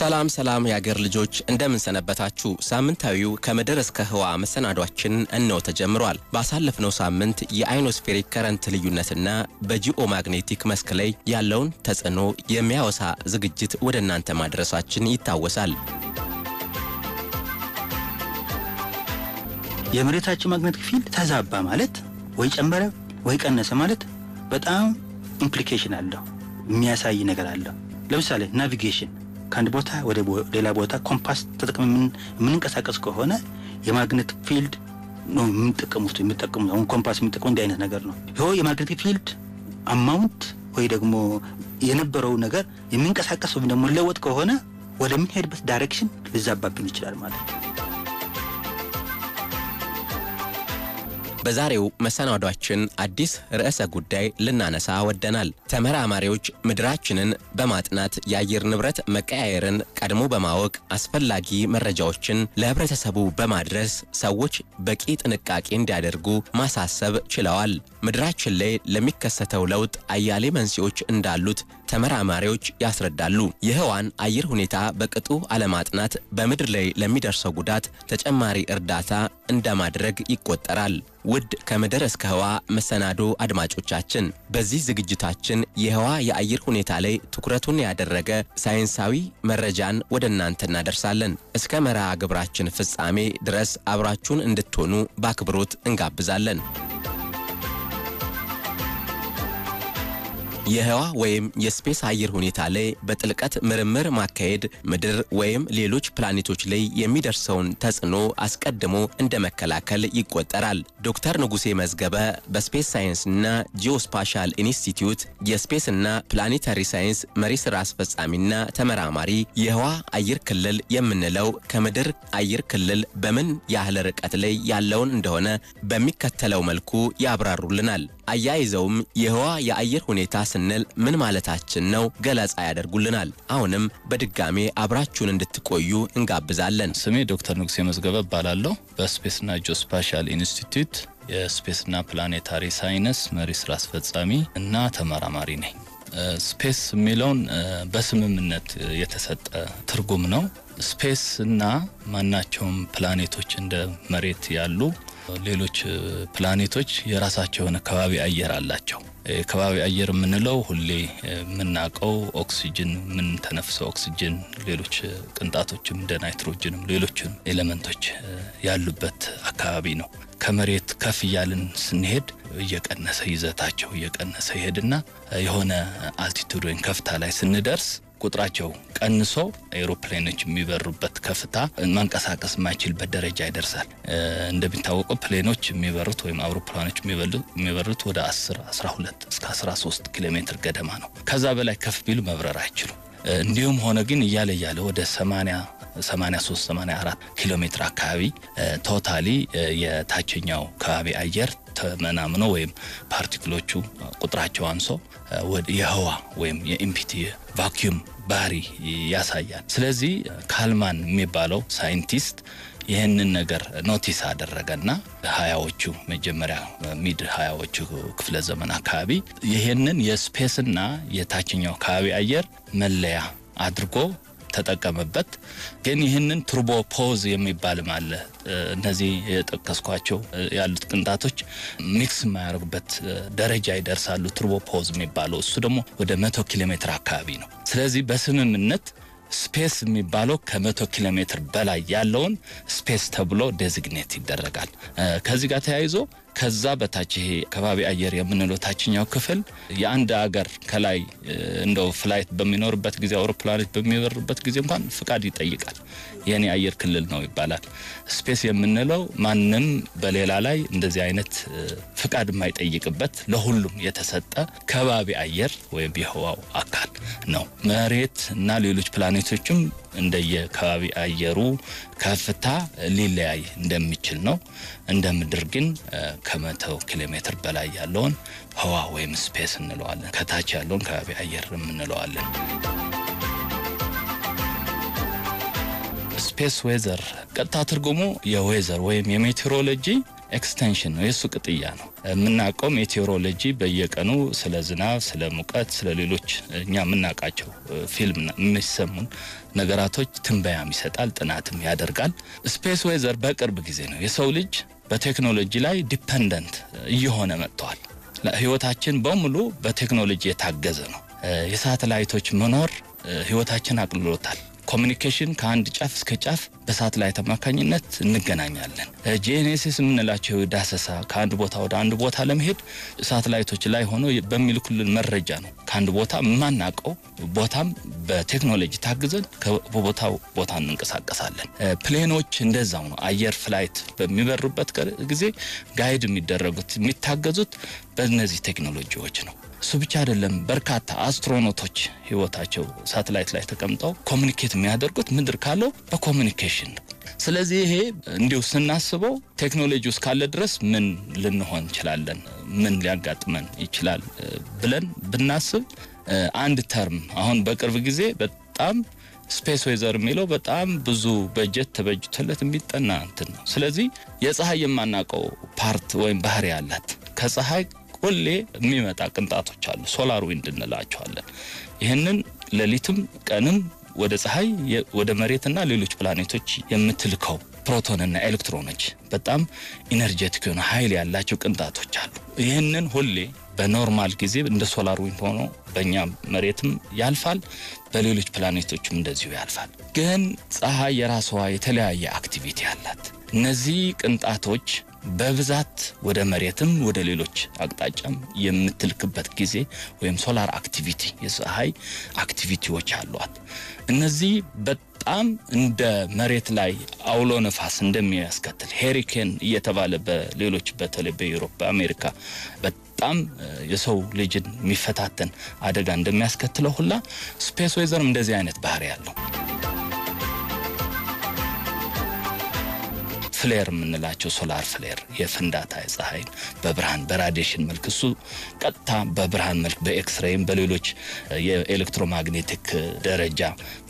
ሰላም ሰላም የአገር ልጆች እንደምን ሰነበታችሁ። ሳምንታዊው ከምድር እስከ ህዋ መሰናዷችን እነው ተጀምሯል። ባሳለፍነው ሳምንት የአይኖስፌሪክ ከረንት ልዩነትና በጂኦ ማግኔቲክ መስክ ላይ ያለውን ተጽዕኖ የሚያወሳ ዝግጅት ወደ እናንተ ማድረሳችን ይታወሳል። የመሬታችን ማግኔቲክ ፊልድ ተዛባ ማለት ወይ ጨመረ ወይ ቀነሰ ማለት በጣም ኢምፕሊኬሽን አለው፣ የሚያሳይ ነገር አለው። ለምሳሌ ናቪጌሽን ከአንድ ቦታ ወደ ሌላ ቦታ ኮምፓስ ተጠቅመ የምንንቀሳቀስ ከሆነ የማግኔት ፊልድ ነው የምንጠቀሙት የሚጠቀሙ አሁን ኮምፓስ የሚጠቀሙ እንዲህ አይነት ነገር ነው። ይኸው የማግኔት ፊልድ አማውንት ወይ ደግሞ የነበረው ነገር የሚንቀሳቀስ ወይም ደግሞ ለወጥ ከሆነ ወደምንሄድበት ዳይሬክሽን ሊዛባብን ይችላል ማለት ነው። በዛሬው መሰናዷችን አዲስ ርዕሰ ጉዳይ ልናነሳ ወደናል። ተመራማሪዎች ምድራችንን በማጥናት የአየር ንብረት መቀያየርን ቀድሞ በማወቅ አስፈላጊ መረጃዎችን ለህብረተሰቡ በማድረስ ሰዎች በቂ ጥንቃቄ እንዲያደርጉ ማሳሰብ ችለዋል። ምድራችን ላይ ለሚከሰተው ለውጥ አያሌ መንስኤዎች እንዳሉት ተመራማሪዎች ያስረዳሉ። የህዋን አየር ሁኔታ በቅጡ አለማጥናት በምድር ላይ ለሚደርሰው ጉዳት ተጨማሪ እርዳታ እንደማድረግ ይቆጠራል። ውድ ከምድር እስከ ህዋ መሰናዶ አድማጮቻችን፣ በዚህ ዝግጅታችን የህዋ የአየር ሁኔታ ላይ ትኩረቱን ያደረገ ሳይንሳዊ መረጃን ወደ እናንተ እናደርሳለን። እስከ መርሃ ግብራችን ፍጻሜ ድረስ አብራችሁን እንድትሆኑ በአክብሮት እንጋብዛለን። የህዋ ወይም የስፔስ አየር ሁኔታ ላይ በጥልቀት ምርምር ማካሄድ ምድር ወይም ሌሎች ፕላኔቶች ላይ የሚደርሰውን ተጽዕኖ አስቀድሞ እንደ መከላከል ይቆጠራል። ዶክተር ንጉሴ መዝገበ በስፔስ ሳይንስና ጂኦስፓሻል ኢንስቲትዩት የስፔስና ፕላኔታሪ ሳይንስ መሪ ስራ አስፈጻሚና ተመራማሪ፣ የህዋ አየር ክልል የምንለው ከምድር አየር ክልል በምን ያህል ርቀት ላይ ያለውን እንደሆነ በሚከተለው መልኩ ያብራሩልናል። አያይዘውም የህዋ የአየር ሁኔታ ስንል ምን ማለታችን ነው? ገለጻ ያደርጉልናል። አሁንም በድጋሜ አብራችሁን እንድትቆዩ እንጋብዛለን። ስሜ ዶክተር ንጉሴ መዝገበ እባላለሁ። በስፔስና ጂኦስፓሻል ኢንስቲትዩት የስፔስና ፕላኔታሪ ሳይንስ መሪ ስራ አስፈጻሚ እና ተመራማሪ ነኝ። ስፔስ የሚለውን በስምምነት የተሰጠ ትርጉም ነው። ስፔስ እና ማናቸውም ፕላኔቶች እንደ መሬት ያሉ ሌሎች ፕላኔቶች የራሳቸው የሆነ ከባቢ አየር አላቸው። ከባቢ አየር የምንለው ሁሌ የምናውቀው ኦክሲጅን፣ የምንተነፍሰው ኦክሲጅን፣ ሌሎች ቅንጣቶችም እንደ ናይትሮጅንም ሌሎችም ኤሌመንቶች ያሉበት አካባቢ ነው። ከመሬት ከፍ እያልን ስንሄድ እየቀነሰ ይዘታቸው እየቀነሰ ይሄድና የሆነ አልቲቱድ ወይም ከፍታ ላይ ስንደርስ ቁጥራቸው ቀንሶ ኤሮፕሌኖች የሚበሩበት ከፍታ ማንቀሳቀስ የማይችልበት ደረጃ ይደርሳል። እንደሚታወቀው ፕሌኖች የሚበሩት ወይም አውሮፕላኖች የሚበሩት ወደ 10፣ 12 እስከ 13 ኪሎ ሜትር ገደማ ነው። ከዛ በላይ ከፍ ቢሉ መብረር አይችሉም። እንዲሁም ሆነ ግን እያለ እያለ ወደ 80 83 84 ኪሎ ሜትር አካባቢ ቶታሊ የታችኛው ከባቢ አየር ተመናምኖ ወይም ፓርቲክሎቹ ቁጥራቸው አንሶ የህዋ ወይም የኢምፒቲ ቫኪዩም ባህሪ ያሳያል። ስለዚህ ካልማን የሚባለው ሳይንቲስት ይህንን ነገር ኖቲስ አደረገና ሀያዎቹ መጀመሪያ ሚድ ሀያዎቹ ክፍለ ዘመን አካባቢ ይህንን የስፔስና የታችኛው አካባቢ አየር መለያ አድርጎ ተጠቀምበት። ግን ይህንን ቱርቦ ፖዝ የሚባልም አለ። እነዚህ የጠቀስኳቸው ያሉት ቅንጣቶች ሚክስ የማያደርጉበት ደረጃ ይደርሳሉ። ቱርቦ ፖዝ የሚባለው እሱ ደግሞ ወደ መቶ ኪሎ ሜትር አካባቢ ነው። ስለዚህ በስምምነት ስፔስ የሚባለው ከመቶ ኪሎ ሜትር በላይ ያለውን ስፔስ ተብሎ ዴዚግኔት ይደረጋል። ከዚህ ጋር ተያይዞ ከዛ በታች ይሄ ከባቢ አየር የምንለው ታችኛው ክፍል የአንድ አገር ከላይ እንደው ፍላይት በሚኖርበት ጊዜ አውሮፕላኖች በሚበሩበት ጊዜ እንኳን ፍቃድ ይጠይቃል። የኔ አየር ክልል ነው ይባላል። ስፔስ የምንለው ማንም በሌላ ላይ እንደዚህ አይነት ፍቃድ የማይጠይቅበት ለሁሉም የተሰጠ ከባቢ አየር ወይም የህዋው አካል ነው። መሬት እና ሌሎች ፕላኔቶችም እንደየከባቢ አየሩ ከፍታ ሊለያይ እንደሚችል ነው። እንደ ምድር ግን ከመቶ ኪሎ ሜትር በላይ ያለውን ህዋ ወይም ስፔስ እንለዋለን። ከታች ያለውን ከባቢ አየር እንለዋለን። ስፔስ ዌዘር ቀጥታ ትርጉሙ የዌዘር ወይም የሜቴሮሎጂ ኤክስቴንሽን ነው፣ የእሱ ቅጥያ ነው። የምናውቀው ሜቴሮሎጂ በየቀኑ ስለ ዝናብ፣ ስለ ሙቀት፣ ስለ ሌሎች እኛ የምናውቃቸው ፊልም የሚሰሙን ነገራቶች ትንበያም ይሰጣል፣ ጥናትም ያደርጋል። ስፔስ ዌዘር በቅርብ ጊዜ ነው። የሰው ልጅ በቴክኖሎጂ ላይ ዲፐንደንት እየሆነ መጥተዋል። ህይወታችን በሙሉ በቴክኖሎጂ የታገዘ ነው። የሳተላይቶች መኖር ህይወታችን አቅልሎታል። ኮሚኒኬሽን ከአንድ ጫፍ እስከ ጫፍ በሳትላይት አማካኝነት እንገናኛለን። ጂኤንኤስኤስ የምንላቸው ዳሰሳ ከአንድ ቦታ ወደ አንድ ቦታ ለመሄድ ሳትላይቶች ላይ ሆኖ በሚልኩልን መረጃ ነው። ከአንድ ቦታ የማናውቀው ቦታም በቴክኖሎጂ ታግዘን ከቦታው ቦታ እንንቀሳቀሳለን። ፕሌኖች እንደዛው ነው። አየር ፍላይት በሚበሩበት ጊዜ ጋይድ የሚደረጉት የሚታገዙት በእነዚህ ቴክኖሎጂዎች ነው። እሱ ብቻ አይደለም። በርካታ አስትሮኖቶች ህይወታቸው ሳተላይት ላይ ተቀምጠው ኮሚኒኬት የሚያደርጉት ምድር ካለው በኮሚኒኬሽን ነው። ስለዚህ ይሄ እንዲሁ ስናስበው ቴክኖሎጂ ውስጥ ካለ ድረስ ምን ልንሆን እንችላለን፣ ምን ሊያጋጥመን ይችላል ብለን ብናስብ አንድ ተርም አሁን በቅርብ ጊዜ በጣም ስፔስ ዌዘር የሚለው በጣም ብዙ በጀት ተበጅቶለት የሚጠና እንትን ነው። ስለዚህ የፀሐይ የማናውቀው ፓርት ወይም ባህሪ ያላት ከፀሐይ ሁሌ የሚመጣ ቅንጣቶች አሉ። ሶላር ዊንድ እንላቸዋለን። ይህንን ሌሊትም ቀንም ወደ ፀሐይ ወደ መሬትና ሌሎች ፕላኔቶች የምትልከው ፕሮቶንና ኤሌክትሮኖች በጣም ኢነርጀቲክ የሆነ ኃይል ያላቸው ቅንጣቶች አሉ። ይህንን ሁሌ በኖርማል ጊዜ እንደ ሶላር ዊንድ ሆኖ በእኛ መሬትም ያልፋል፣ በሌሎች ፕላኔቶችም እንደዚሁ ያልፋል። ግን ፀሐይ የራስዋ የተለያየ አክቲቪቲ አላት። እነዚህ ቅንጣቶች በብዛት ወደ መሬትም ወደ ሌሎች አቅጣጫም የምትልክበት ጊዜ ወይም ሶላር አክቲቪቲ የፀሐይ አክቲቪቲዎች አሏት። እነዚህ በጣም እንደ መሬት ላይ አውሎ ነፋስ እንደሚያስከትል ሄሪኬን እየተባለ በሌሎች በተለይ በዩሮፕ በአሜሪካ በጣም የሰው ልጅን የሚፈታተን አደጋ እንደሚያስከትለው ሁላ ስፔስ ወይዘርም እንደዚህ አይነት ባህሪ ያለው ፍሌር የምንላቸው ሶላር ፍሌር የፍንዳታ የፀሐይን በብርሃን በራዲሽን መልክ እሱ ቀጥታ በብርሃን መልክ በኤክስሬይም በሌሎች የኤሌክትሮማግኔቲክ ደረጃ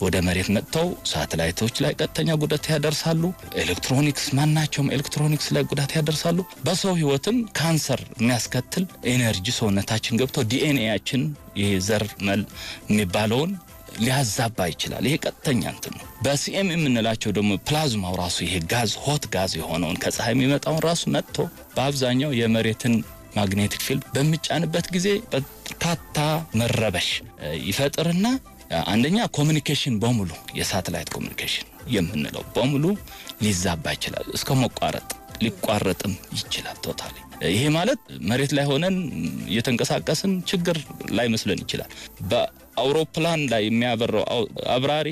ወደ መሬት መጥተው ሳተላይቶች ላይ ቀጥተኛ ጉዳት ያደርሳሉ። ኤሌክትሮኒክስ ማናቸውም ኤሌክትሮኒክስ ላይ ጉዳት ያደርሳሉ። በሰው ህይወትም ካንሰር የሚያስከትል ኤነርጂ ሰውነታችን ገብተው ዲኤንኤያችን ይህ ዘር መል የሚባለውን ሊያዛባ ይችላል። ይሄ ቀጥተኛ እንትን ነው። በሲኤም የምንላቸው ደግሞ ፕላዝማው ራሱ ይሄ ጋዝ ሆት ጋዝ የሆነውን ከፀሐይ የሚመጣውን ራሱ መጥቶ በአብዛኛው የመሬትን ማግኔቲክ ፊልድ በሚጫንበት ጊዜ በርካታ መረበሽ ይፈጥርና አንደኛ ኮሚኒኬሽን በሙሉ የሳተላይት ኮሚኒኬሽን የምንለው በሙሉ ሊዛባ ይችላል እስከ መቋረጥ ሊቋረጥም ይችላል። ቶታሊ ይሄ ማለት መሬት ላይ ሆነን እየተንቀሳቀስን ችግር ላይ መስለን ይችላል። አውሮፕላን ላይ የሚያበረው አብራሪ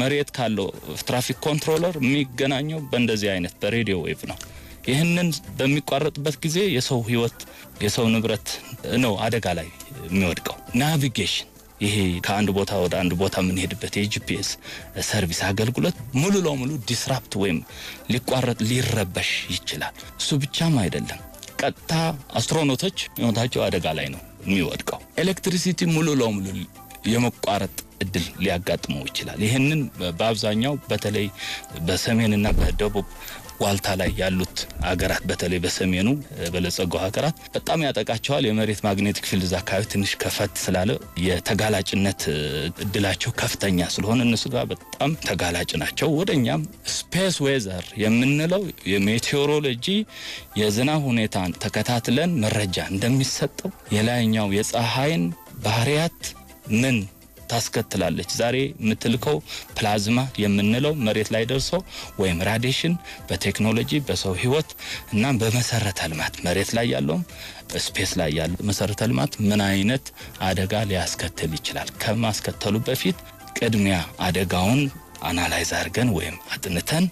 መሬት ካለው ትራፊክ ኮንትሮለር የሚገናኘው በእንደዚህ አይነት በሬዲዮ ዌቭ ነው። ይህንን በሚቋረጥበት ጊዜ የሰው ህይወት የሰው ንብረት ነው አደጋ ላይ የሚወድቀው። ናቪጌሽን ይሄ ከአንድ ቦታ ወደ አንድ ቦታ የምንሄድበት የጂፒኤስ ሰርቪስ አገልግሎት ሙሉ ለሙሉ ዲስራፕት ወይም ሊቋረጥ ሊረበሽ ይችላል። እሱ ብቻም አይደለም፣ ቀጥታ አስትሮኖቶች ሕይወታቸው አደጋ ላይ ነው የሚወድቀው። ኤሌክትሪሲቲ ሙሉ ለሙሉ የመቋረጥ እድል ሊያጋጥመው ይችላል። ይህንን በአብዛኛው በተለይ በሰሜንና በደቡብ ዋልታ ላይ ያሉት ሀገራት በተለይ በሰሜኑ በለጸገው ሀገራት በጣም ያጠቃቸዋል። የመሬት ማግኔቲክ ፊልድ እዛ አካባቢ ትንሽ ከፈት ስላለ የተጋላጭነት እድላቸው ከፍተኛ ስለሆነ እነሱ ጋር በጣም ተጋላጭ ናቸው። ወደ እኛም ስፔስ ዌዘር የምንለው የሜቴዎሮሎጂ የዝናብ ሁኔታን ተከታትለን መረጃ እንደሚሰጠው የላይኛው የፀሐይን ባህሪያት ምን ታስከትላለች። ዛሬ የምትልከው ፕላዝማ የምንለው መሬት ላይ ደርሶ ወይም ራዲሽን በቴክኖሎጂ በሰው ህይወት እና በመሰረተ ልማት መሬት ላይ ያለውም ስፔስ ላይ ያለ መሰረተ ልማት ምን አይነት አደጋ ሊያስከትል ይችላል? ከማስከተሉ በፊት ቅድሚያ አደጋውን አናላይዝ አድርገን ወይም አጥንተን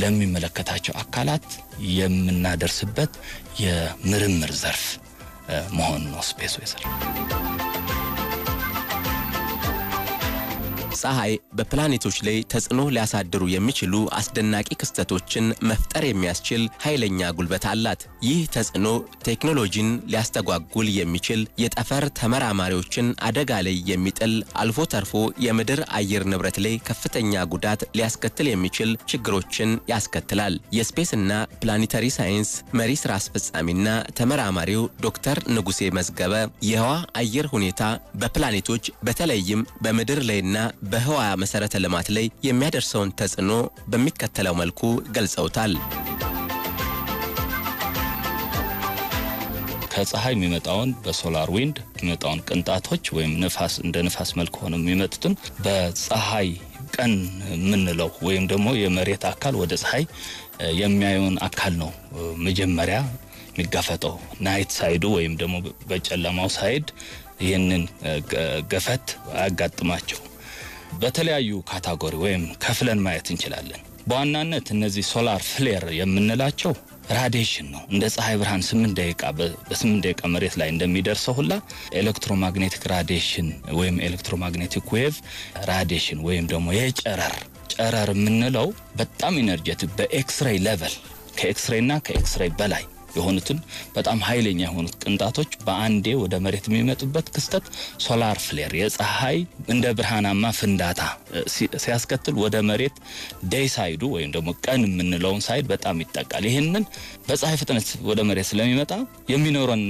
ለሚመለከታቸው አካላት የምናደርስበት የምርምር ዘርፍ መሆን ነው ስፔስ ወይዘር ፀሐይ በፕላኔቶች ላይ ተጽዕኖ ሊያሳድሩ የሚችሉ አስደናቂ ክስተቶችን መፍጠር የሚያስችል ኃይለኛ ጉልበት አላት። ይህ ተጽዕኖ ቴክኖሎጂን ሊያስተጓጉል የሚችል የጠፈር ተመራማሪዎችን አደጋ ላይ የሚጥል አልፎ ተርፎ የምድር አየር ንብረት ላይ ከፍተኛ ጉዳት ሊያስከትል የሚችል ችግሮችን ያስከትላል። የስፔስና ፕላኔታሪ ሳይንስ መሪ ስራ አስፈጻሚና ተመራማሪው ዶክተር ንጉሴ መዝገበ የህዋ አየር ሁኔታ በፕላኔቶች በተለይም በምድር ላይና በህዋ መሰረተ ልማት ላይ የሚያደርሰውን ተጽዕኖ በሚከተለው መልኩ ገልጸውታል። ከፀሐይ የሚመጣውን በሶላር ዊንድ የሚመጣውን ቅንጣቶች ወይም ንፋስ እንደ ንፋስ መልክ ሆነ የሚመጡትን በፀሐይ ቀን የምንለው ወይም ደግሞ የመሬት አካል ወደ ፀሐይ የሚያየውን አካል ነው መጀመሪያ የሚጋፈጠው። ናይት ሳይዱ ወይም ደግሞ በጨለማው ሳይድ ይህንን ገፈት አያጋጥማቸው በተለያዩ ካታጎሪ ወይም ከፍለን ማየት እንችላለን። በዋናነት እነዚህ ሶላር ፍሌር የምንላቸው ራዲሽን ነው። እንደ ፀሐይ ብርሃን ስምንት ደቂቃ በስምንት ደቂቃ መሬት ላይ እንደሚደርሰው ሁላ ኤሌክትሮማግኔቲክ ራዲሽን ወይም ኤሌክትሮማግኔቲክ ዌቭ ራዲሽን ወይም ደግሞ የጨረር ጨረር የምንለው በጣም ኢነርጀቲክ በኤክስሬይ ሌቨል ከኤክስሬይ እና ከኤክስሬይ በላይ የሆኑትን በጣም ኃይለኛ የሆኑት ቅንጣቶች በአንዴ ወደ መሬት የሚመጡበት ክስተት ሶላር ፍሌር የፀሐይ እንደ ብርሃናማ ፍንዳታ ሲያስከትል ወደ መሬት ደይ ሳይዱ ወይም ደግሞ ቀን የምንለውን ሳይድ በጣም ይጠቃል። ይህንን በፀሐይ ፍጥነት ወደ መሬት ስለሚመጣ የሚኖረን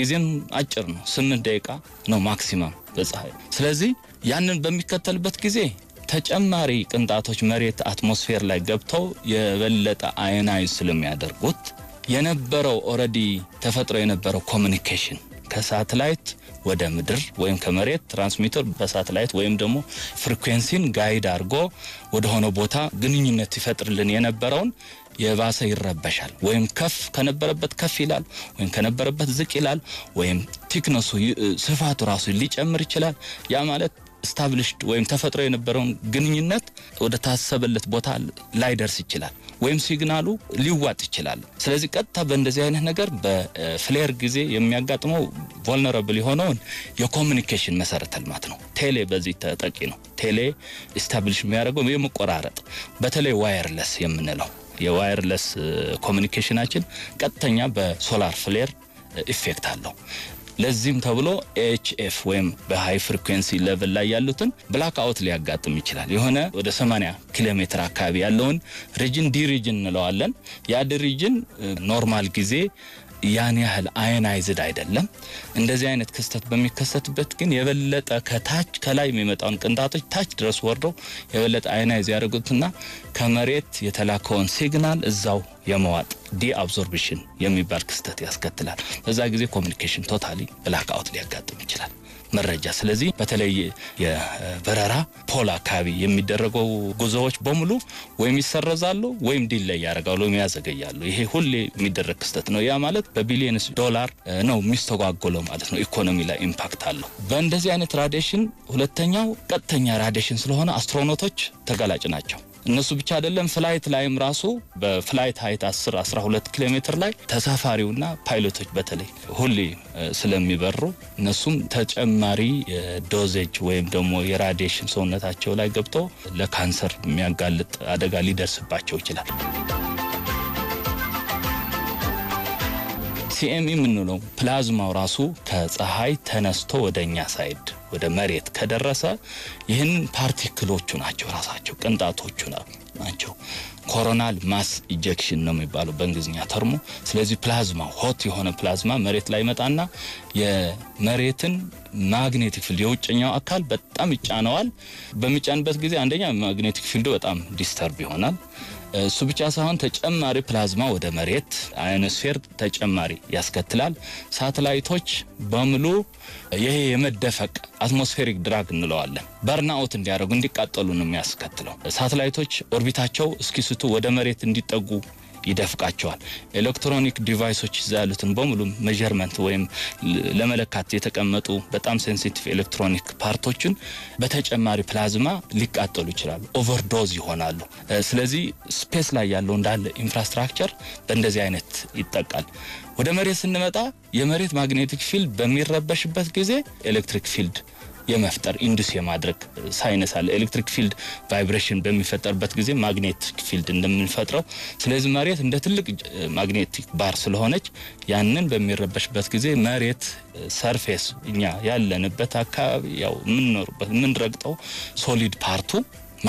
ጊዜም አጭር ነው። ስምንት ደቂቃ ነው ማክሲመም በፀሐይ። ስለዚህ ያንን በሚከተልበት ጊዜ ተጨማሪ ቅንጣቶች መሬት አትሞስፌር ላይ ገብተው የበለጠ አይናዊ ስለሚያደርጉት የነበረው ኦልሬዲ ተፈጥሮ የነበረው ኮሚኒኬሽን ከሳተላይት ወደ ምድር ወይም ከመሬት ትራንስሚተር በሳተላይት ወይም ደግሞ ፍሪኩዌንሲን ጋይድ አድርጎ ወደ ሆነ ቦታ ግንኙነት ይፈጥርልን የነበረውን የባሰ ይረበሻል። ወይም ከፍ ከነበረበት ከፍ ይላል፣ ወይም ከነበረበት ዝቅ ይላል፣ ወይም ቲክነሱ ስፋቱ ራሱ ሊጨምር ይችላል። ያ ማለት ስታብሊሽድ ወይም ተፈጥሮ የነበረውን ግንኙነት ወደ ታሰበለት ቦታ ላይደርስ ይችላል፣ ወይም ሲግናሉ ሊዋጥ ይችላል። ስለዚህ ቀጥታ በእንደዚህ አይነት ነገር በፍሌር ጊዜ የሚያጋጥመው ቮልነራብል የሆነውን የኮሚኒኬሽን መሰረተ ልማት ነው። ቴሌ በዚህ ተጠቂ ነው። ቴሌ ስታብሊሽ የሚያደርገው የመቆራረጥ በተለይ ዋየርለስ የምንለው የዋየርለስ ኮሚኒኬሽናችን ቀጥተኛ በሶላር ፍሌር ኢፌክት አለው። ለዚህም ተብሎ ኤችኤፍ ወይም በሃይ ፍሪኩዌንሲ ሌቭል ላይ ያሉትን ብላክ አውት ሊያጋጥም ይችላል። የሆነ ወደ 80 ኪሎ ሜትር አካባቢ ያለውን ሪጅን ዲ ሪጅን እንለዋለን። ያ ዲ ሪጅን ኖርማል ጊዜ ያን ያህል አየናይዝድ አይደለም። እንደዚህ አይነት ክስተት በሚከሰትበት ግን የበለጠ ከታች ከላይ የሚመጣውን ቅንጣቶች ታች ድረስ ወርደው የበለጠ አየናይዝ ያደርጉትና ከመሬት የተላከውን ሲግናል እዛው የመዋጥ ዲ አብዞርብሽን የሚባል ክስተት ያስከትላል። በዛ ጊዜ ኮሚኒኬሽን ቶታሊ ብላክ አውት ሊያጋጥም ይችላል። መረጃ። ስለዚህ በተለይ የበረራ ፖል አካባቢ የሚደረገው ጉዞዎች በሙሉ ወይም ይሰረዛሉ ወይም ዲል ላይ ያደርጋሉ ወይም ያዘገያሉ። ይሄ ሁሌ የሚደረግ ክስተት ነው። ያ ማለት በቢሊየንስ ዶላር ነው የሚስተጓጎለው ማለት ነው። ኢኮኖሚ ላይ ኢምፓክት አለው። በእንደዚህ አይነት ራዲሽን ሁለተኛው ቀጥተኛ ራዲሽን ስለሆነ አስትሮኖቶች ተጋላጭ ናቸው። እነሱ ብቻ አይደለም ፍላይት ላይም ራሱ በፍላይት ሀይት 10 12 ኪሎ ሜትር ላይ ተሳፋሪውና ፓይሎቶች በተለይ ሁሌ ስለሚበሩ እነሱም ተጨማሪ ዶዜጅ ወይም ደግሞ የራዲሽን ሰውነታቸው ላይ ገብቶ ለካንሰር የሚያጋልጥ አደጋ ሊደርስባቸው ይችላል። ሲኤምኢ የምንለው ፕላዝማው ራሱ ከፀሐይ ተነስቶ ወደ እኛ ሳይድ ወደ መሬት ከደረሰ ይህን ፓርቲክሎቹ ናቸው ራሳቸው ቅንጣቶቹ ናቸው ኮሮናል ማስ ኢጀክሽን ነው የሚባለው በእንግሊዝኛ ተርሞ። ስለዚህ ፕላዝማ ሆት የሆነ ፕላዝማ መሬት ላይ መጣና የመሬትን ማግኔቲክ ፊልድ የውጭኛው አካል በጣም ይጫነዋል። በሚጫንበት ጊዜ አንደኛ ማግኔቲክ ፊልዱ በጣም ዲስተርብ ይሆናል። እሱ ብቻ ሳይሆን ተጨማሪ ፕላዝማ ወደ መሬት አዮኖስፌር ተጨማሪ ያስከትላል። ሳተላይቶች በሙሉ ይሄ የመደፈቅ አትሞስፌሪክ ድራግ እንለዋለን በርናውት እንዲያደርጉ እንዲቃጠሉ ነው የሚያስከትለው። ሳተላይቶች ኦርቢታቸው እስኪስቱ ወደ መሬት እንዲጠጉ ይደፍቃቸዋል። ኤሌክትሮኒክ ዲቫይሶች እዛ ያሉትን በሙሉ ሜዠርመንት ወይም ለመለካት የተቀመጡ በጣም ሴንሲቲቭ ኤሌክትሮኒክ ፓርቶችን በተጨማሪ ፕላዝማ ሊቃጠሉ ይችላሉ፣ ኦቨርዶዝ ይሆናሉ። ስለዚህ ስፔስ ላይ ያለው እንዳለ ኢንፍራስትራክቸር በእንደዚህ አይነት ይጠቃል። ወደ መሬት ስንመጣ የመሬት ማግኔቲክ ፊልድ በሚረበሽበት ጊዜ ኤሌክትሪክ ፊልድ የመፍጠር ኢንዱስ የማድረግ ሳይነስ አለ። ኤሌክትሪክ ፊልድ ቫይብሬሽን በሚፈጠርበት ጊዜ ማግኔቲክ ፊልድ እንደምንፈጥረው፣ ስለዚህ መሬት እንደ ትልቅ ማግኔቲክ ባር ስለሆነች ያንን በሚረበሽበት ጊዜ መሬት ሰርፌስ እኛ ያለንበት አካባቢ ያው የምንኖርበት የምንረግጠው ሶሊድ ፓርቱ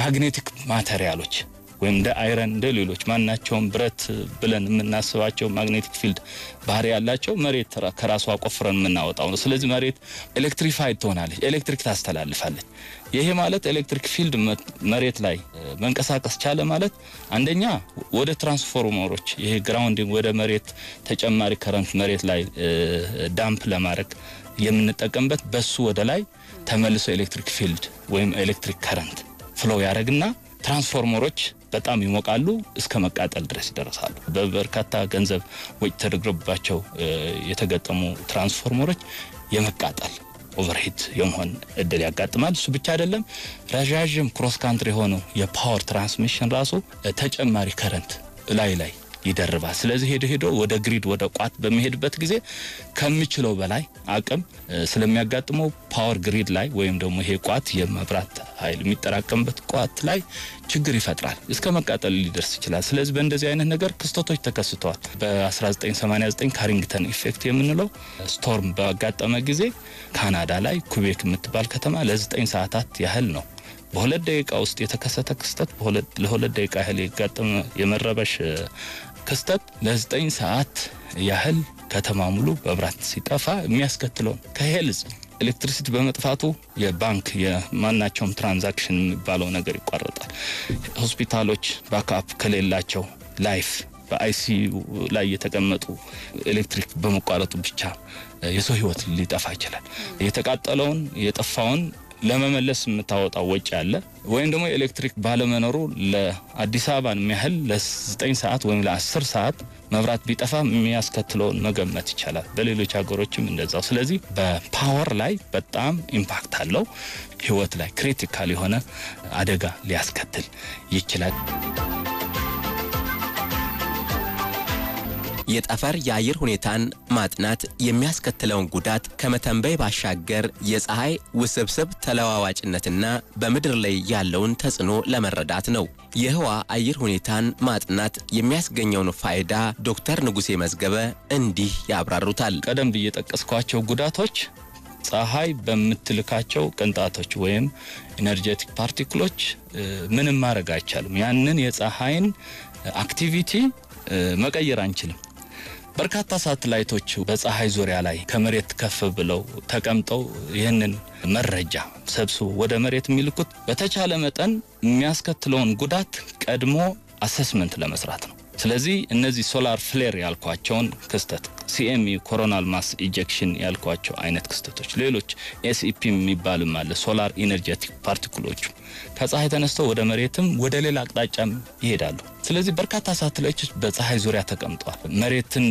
ማግኔቲክ ማተሪያሎች ወይም እንደ አይረን እንደ ሌሎች ማናቸውም ብረት ብለን የምናስባቸው ማግኔቲክ ፊልድ ባህሪ ያላቸው መሬት ከራሷ ቆፍረን የምናወጣው ነው። ስለዚህ መሬት ኤሌክትሪፋይድ ትሆናለች፣ ኤሌክትሪክ ታስተላልፋለች። ይሄ ማለት ኤሌክትሪክ ፊልድ መሬት ላይ መንቀሳቀስ ቻለ ማለት አንደኛ ወደ ትራንስፎርመሮች ይሄ ግራውንዲንግ ወደ መሬት ተጨማሪ ከረንት መሬት ላይ ዳምፕ ለማድረግ የምንጠቀምበት በሱ ወደ ላይ ተመልሶ ኤሌክትሪክ ፊልድ ወይም ኤሌክትሪክ ከረንት ፍሎው ያደረግና ትራንስፎርመሮች በጣም ይሞቃሉ፣ እስከ መቃጠል ድረስ ይደርሳሉ። በበርካታ ገንዘብ ወጪ ተደርጎባቸው የተገጠሙ ትራንስፎርመሮች የመቃጠል ኦቨርሂት የመሆን እድል ያጋጥማል። እሱ ብቻ አይደለም፣ ረዣዥም ክሮስ ካንትሪ የሆነው የፓወር ትራንስሚሽን ራሱ ተጨማሪ ከረንት ላይ ላይ ይደርባል። ስለዚህ ሄዶ ሄዶ ወደ ግሪድ ወደ ቋት በሚሄድበት ጊዜ ከሚችለው በላይ አቅም ስለሚያጋጥመው ፓወር ግሪድ ላይ ወይም ደግሞ ይሄ ቋት የመብራት ኃይል የሚጠራቀምበት ቋት ላይ ችግር ይፈጥራል። እስከ መቃጠል ሊደርስ ይችላል። ስለዚህ በእንደዚህ አይነት ነገር ክስተቶች ተከስተዋል። በ1989 ካሪንግተን ኢፌክት የምንለው ስቶርም በጋጠመ ጊዜ ካናዳ ላይ ኩቤክ የምትባል ከተማ ለ9 ሰዓታት ያህል ነው በሁለት ደቂቃ ውስጥ የተከሰተ ክስተት ለሁለት ደቂቃ ያህል የጋጠመ የመረበሽ ክስተት ለዘጠኝ ሰዓት ያህል ከተማ ሙሉ መብራት ሲጠፋ የሚያስከትለውን ከሄልዝ ኤሌክትሪሲቲ በመጥፋቱ የባንክ የማናቸውም ትራንዛክሽን የሚባለው ነገር ይቋረጣል። ሆስፒታሎች ባክአፕ ከሌላቸው ላይፍ በአይሲዩ ላይ የተቀመጡ ኤሌክትሪክ በመቋረጡ ብቻ የሰው ህይወት ሊጠፋ ይችላል። የተቃጠለውን የጠፋውን ለመመለስ የምታወጣው ወጪ አለ ወይም ደግሞ ኤሌክትሪክ ባለመኖሩ ለአዲስ አበባን የሚያህል ለ9 ሰዓት ወይም ለ10 ሰዓት መብራት ቢጠፋ የሚያስከትለውን መገመት ይቻላል። በሌሎች ሀገሮችም እንደዛው። ስለዚህ በፓወር ላይ በጣም ኢምፓክት አለው። ህይወት ላይ ክሪቲካል የሆነ አደጋ ሊያስከትል ይችላል። የጠፈር የአየር ሁኔታን ማጥናት የሚያስከትለውን ጉዳት ከመተንበይ ባሻገር የፀሐይ ውስብስብ ተለዋዋጭነትና በምድር ላይ ያለውን ተጽዕኖ ለመረዳት ነው። የህዋ አየር ሁኔታን ማጥናት የሚያስገኘውን ፋይዳ ዶክተር ንጉሴ መዝገበ እንዲህ ያብራሩታል። ቀደም ብዬ የጠቀስኳቸው ጉዳቶች ፀሐይ በምትልካቸው ቅንጣቶች ወይም ኤነርጀቲክ ፓርቲክሎች ምንም ማድረግ አይቻልም። ያንን የፀሐይን አክቲቪቲ መቀየር አንችልም። በርካታ ሳትላይቶች በፀሐይ ዙሪያ ላይ ከመሬት ከፍ ብለው ተቀምጠው ይህንን መረጃ ሰብስቦ ወደ መሬት የሚልኩት በተቻለ መጠን የሚያስከትለውን ጉዳት ቀድሞ አሰስመንት ለመስራት ነው። ስለዚህ እነዚህ ሶላር ፍሌር ያልኳቸውን ክስተት ሲኤምኢ ኮሮናል ማስ ኢጀክሽን ያልኳቸው አይነት ክስተቶች፣ ሌሎች ኤስኢፒ የሚባልም አለ። ሶላር ኢነርጀቲክ ፓርቲክሎቹ ከፀሐይ ተነስተው ወደ መሬትም ወደ ሌላ አቅጣጫም ይሄዳሉ። ስለዚህ በርካታ ሳተላይቶች በፀሐይ ዙሪያ ተቀምጠዋል። መሬትን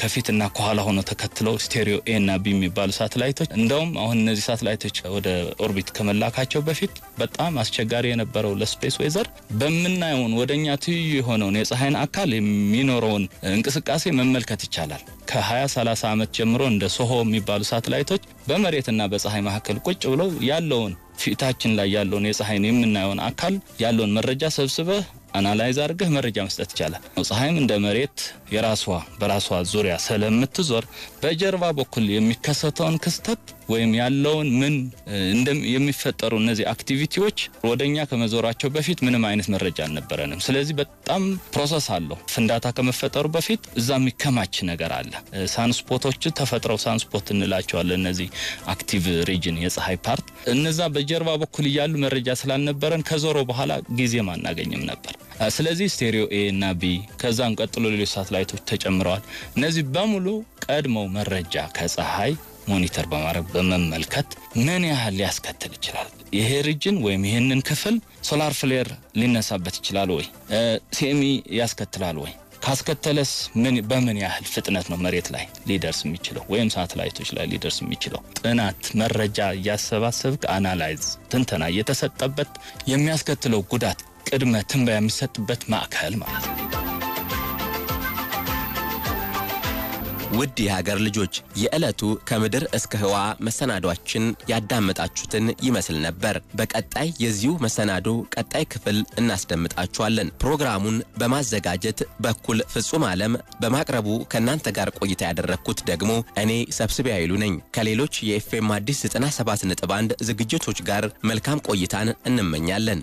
ከፊትና ከኋላ ሆነው ተከትለው ስቴሪዮ ኤ እና ቢ የሚባሉ ሳተላይቶች እንደውም አሁን እነዚህ ሳተላይቶች ወደ ኦርቢት ከመላካቸው በፊት በጣም አስቸጋሪ የነበረው ለስፔስ ዌዘር በምናየውን ወደኛ ትይዩ የሆነውን የፀሐይን አካል የሚኖረውን እንቅስቃሴ መመልከት ይቻላል። ከ20 30 ዓመት ጀምሮ እንደ ሶሆ የሚባሉ ሳተላይቶች በመሬትና በፀሐይ መካከል ቁጭ ብለው ያለውን ፊታችን ላይ ያለውን የፀሐይን የምናየውን አካል ያለውን መረጃ ሰብስበህ አናላይዝ አድርገህ መረጃ መስጠት ይቻላል። ፀሐይም እንደ መሬት የራሷ በራሷ ዙሪያ ስለምትዞር በጀርባ በኩል የሚከሰተውን ክስተት ወይም ያለውን ምን የሚፈጠሩ እነዚህ አክቲቪቲዎች ወደኛ ከመዞራቸው በፊት ምንም አይነት መረጃ አልነበረንም። ስለዚህ በጣም ፕሮሰስ አለው። ፍንዳታ ከመፈጠሩ በፊት እዛ የሚከማች ነገር አለ። ሳንስፖቶች ተፈጥረው ሳንስፖት እንላቸዋለን። እነዚህ አክቲቭ ሪጅን የፀሐይ ፓርት እነዛ በጀርባ በኩል እያሉ መረጃ ስላልነበረን ከዞሮ በኋላ ጊዜም አናገኝም ነበር። ስለዚህ ስቴሪዮ ኤ እና ቢ ከዛም ቀጥሎ ሌሎች ሳተላይቶች ተጨምረዋል። እነዚህ በሙሉ ቀድመው መረጃ ከፀሐይ ሞኒተር በማድረግ በመመልከት ምን ያህል ሊያስከትል ይችላል፣ ይሄ ሪጅን ወይም ይህንን ክፍል ሶላር ፍሌር ሊነሳበት ይችላል ወይ፣ ሲኤሚ ያስከትላል ወይ ካስከተለስ ምን በምን ያህል ፍጥነት ነው መሬት ላይ ሊደርስ የሚችለው ወይም ሳተላይቶች ላይ ሊደርስ የሚችለው? ጥናት መረጃ እያሰባሰብክ አናላይዝ ትንተና እየተሰጠበት የሚያስከትለው ጉዳት ቅድመ ትንበያ የሚሰጥበት ማዕከል ማለት ነው። ውድ የሀገር ልጆች የዕለቱ ከምድር እስከ ህዋ መሰናዷችን ያዳመጣችሁትን ይመስል ነበር። በቀጣይ የዚሁ መሰናዶ ቀጣይ ክፍል እናስደምጣችኋለን። ፕሮግራሙን በማዘጋጀት በኩል ፍጹም ዓለም፣ በማቅረቡ ከእናንተ ጋር ቆይታ ያደረግኩት ደግሞ እኔ ሰብስቤ አይሉ ነኝ። ከሌሎች የኤፍኤም አዲስ 97.1 ዝግጅቶች ጋር መልካም ቆይታን እንመኛለን።